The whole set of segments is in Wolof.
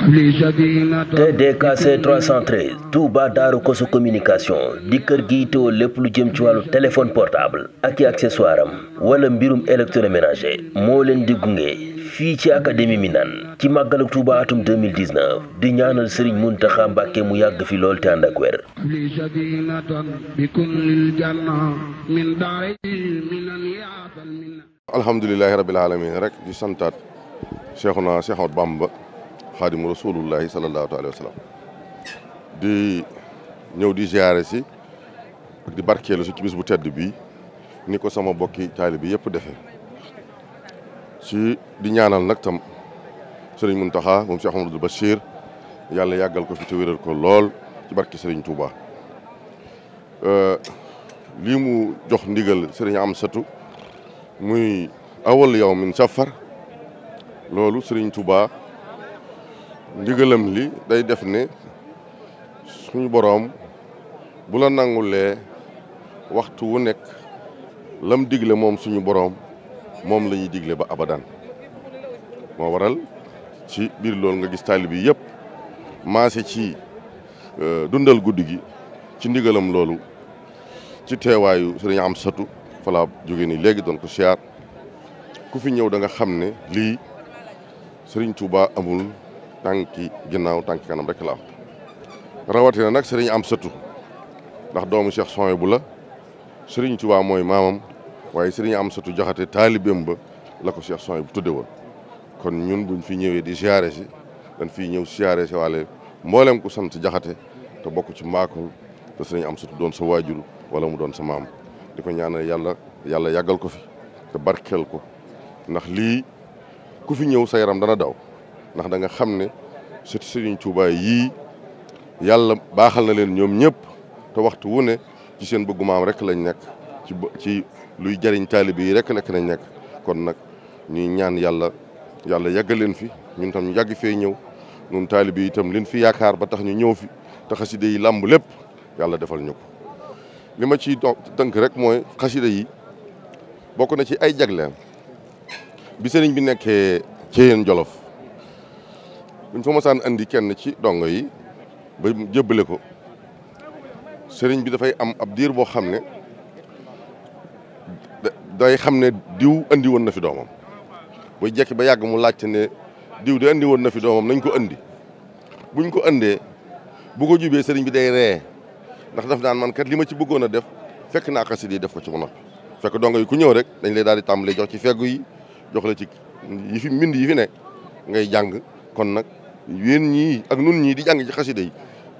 TDKC e 313 Touba Daaru Koso communication di kër gi teewoo lépp lu jëm ci wàllu téléphone portable ak i accessoire wala mbirum électroménager moo leen di gunge fii ci académie Minane ci màggaluk Touba atum 2019 di ñaanal Serigne Mountakha Mbacké mu yàgg fi lool te ànd ak wér. alhamdulilahi rabbil di santaat Cheikhuna Cheikh Ahmadou Bamba xaadimu rasulullahi sallallahu alayhi wa sallam di ñëw di ziare si di barkeelu si ci bis bu tedd bi ni ko sama bokki taalibe bi yëpp defee si di ñaanal nag tam sëriñ Muntaxa moom Cheikh Amadou Bachir yàlla yàggal ko fi te wéral ko lool ci barke sëriñ tuba lii mu jox ndigal sëriñ Amsatu muy awal yow min safar loolu sëriñ tuba ndigalam li day def ne suñu boroom bu la nangulee waxtu wu nekk lam digle moom suñu boroom moom la ñuy digle ba abadan moo waral ci biir loolu nga gis taalibe yi yëpp maase ci euh, dundal guddi gi ci ndigalam loolu ci teewaayu sëriñ am satu falaa jóge ni léegi doon ko siyaar ku fi ñëw danga xam ne lii sëriñ Tuuba amul tànki ginnaaw tànki kanam rek la am rawatina nag sëriñ am sëtu ndax doomu Cheikh Sonia bu la sëriñ waa mooy maamam waaye sëriñ am sëtu joxate taalibeem ba la ko Cheikh Sonia bu tudde woon kon ñun buñ fi ñëwee di siyaare si dañ fi ñëw siyaare si waale mboolem ku sant jaxate te bokk ci mbaakol te sëriñ am sëtu doon sa waajur wala mu doon sa maam di ko ñaanal yàlla yàlla yàggal ko fi te barkeel ko ndax lii ku fi ñëw sa yaram dana daw ndax da nga xam ne surtout Serigne Touba yii yàlla baaxal na leen ñoom ñëpp te waxtu wu ne ci seen bëggu maam rek lañ nekk ci ci luy jariñ taalibe yi rek nekk nañ nekk kon nag ñuy ñaan yàlla yàlla yàggal leen fi ñun tam ñu yàgg fee ñëw ñun taalibe yi itam leen fi yaakaar ba tax ñu ñëw fi te xasida yi làmb lépp yàlla defal ñu ko li ma ciy tënk rek mooy xasida yi bokk na ci ay jagleem bi sëriñ bi nekkee Ceyeen Jolof buñ fa mosaan andi kenn ci dongo yi ba jébbale ko sëriñ bi dafay am ab diir boo xam ne day xam ne diw andi woon na fi doomam bay jekki ba yàgg mu laajt ne diw de andi woon na fi doomam nañ ko andi buñ ko andee bu ko jubee sëriñ bi day ree ndax daf daan man kat li ma ci bëggoon a def fekk naa xasida yi def ko ci ba noppi fekk dongo yi ku ñëw rek dañ lay daal di tàmbalee jox ci feggu yi jox la ci yi fi mbind yi fi ne ngay jàng kon nag yéen ñii ak nun ñii di jàng ci xasida yi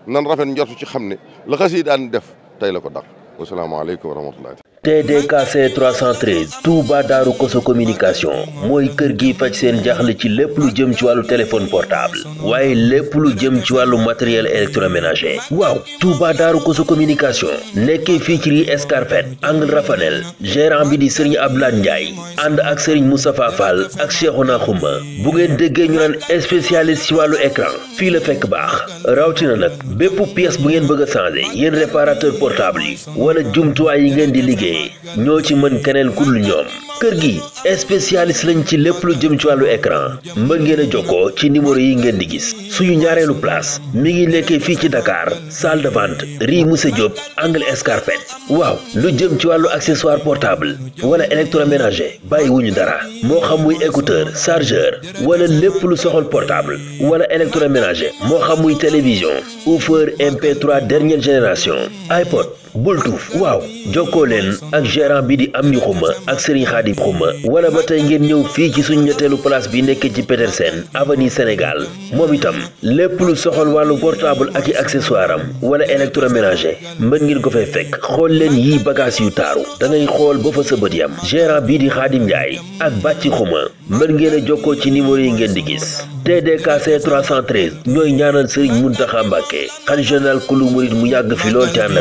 nan rafet njortu ci xam ne la xasida daan def tey la ko dàq wasalaamaaleykum wa rahmatullahi te TDKC 313 Touba ko su communication mooy kër gi faj seen jaaxle ci lépp lu jëm ci wàllu téléphone portable waaye lépp lu jëm ci wàllu matériel électroménager waaw Touba Daaru su communication nekkee fii ci rue Escarpette angle Rafanel gérant bi di Serigne Abdoulaye Ndiaye ànd ak Serigne Moustapha Fall ak Cheikhouna Khouma bu ngeen déggee ñu naan spécialiste ci wàllu écran fii la fekk baax rawatina nag bépp pièce bu ngeen bëgg a changer yéen réparateur portable yi wala jumtuwaay yi ngeen di liggéey jëlee ñoo ci mën keneen ku dul ñoom kër gi spécialiste lañ ci lépp lu jëm ci wàllu écran mën ngeen a jokkoo ci numéro yi ngeen di gis suñu ñaareelu place mi ngi nekkee fii ci dakaar salle de vente rue Diop angle Escarpette waaw lu jëm ci wàllu accessoire portable wala électroménager bàyyiwuñu dara moo xamuy muy écouteur chargeur wala lépp lu soxal portable wala électroménager moo xamuy muy télévision offeur MP3 dernière génération iPod bultuuf waaw jokkoo leen ak geran bi di am ñu xuma ak Serigne Khadim xuma wala ba tey ngeen ñëw fii ci suñ ñetteelu place bi nekk ci Petersen avenue Sénégal moom itam lépp lu soxal wàllu portable ak i accessoire am wala électroménager mën ngeen ko fay fekk xool leen yii bagage yu taaru da ngay xool ba fa sa bët yam geran bii di Khadim Ndiaye ak bàcci xuma mën ngeen a jokkoo ci numéro yi ngeen di gis TDKC 313 ñooy ñaanal Serigne Mountakha Mbacké xalifa général kulu murid mu yàgg fi lool te ànd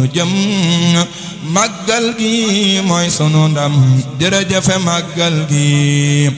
nu jëm màggal gi mooy sunu ndam jërëjëfe màggal gi